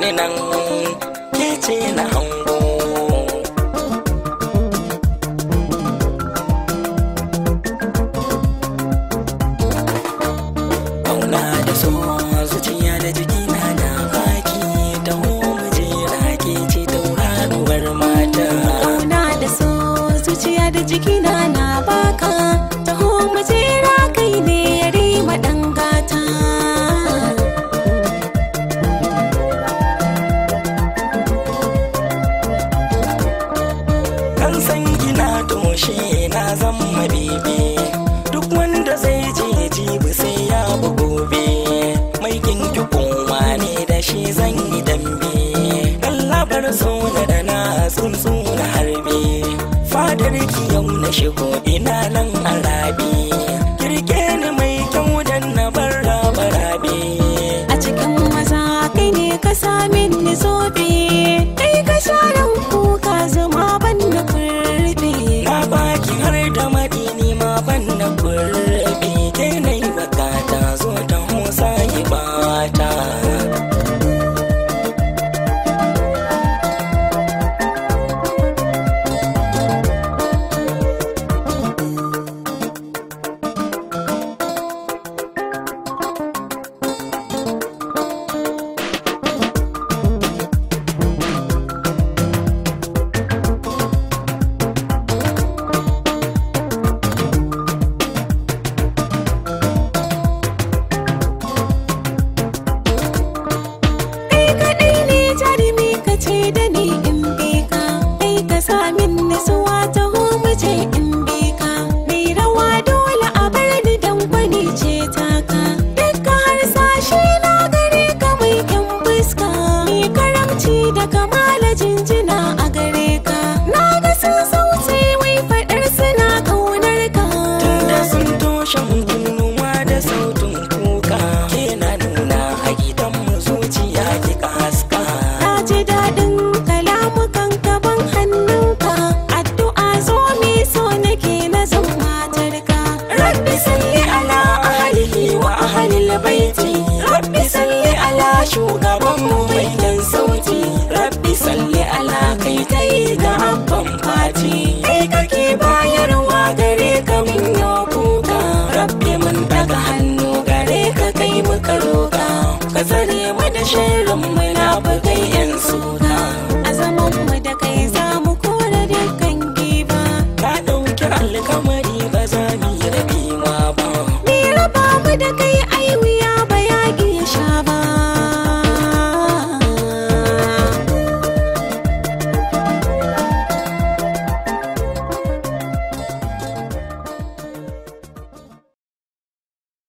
ni nan ke ce na hango yaushe na zan mabibi duk wanda zai je jibi sai ya gobe mai kinki kuma ne da shi zan yi dambe Allah bar suna da na tsuntsu na harbe fadar ki yau na shigo ina nan arabi I'm bari Allah kai ta yi ga abban fati kai kake bayarwa gare ka mun yi kuka rabbi mun daga hannu gare ka kai muka roka ka tsare mu da shirin mu na bugai yan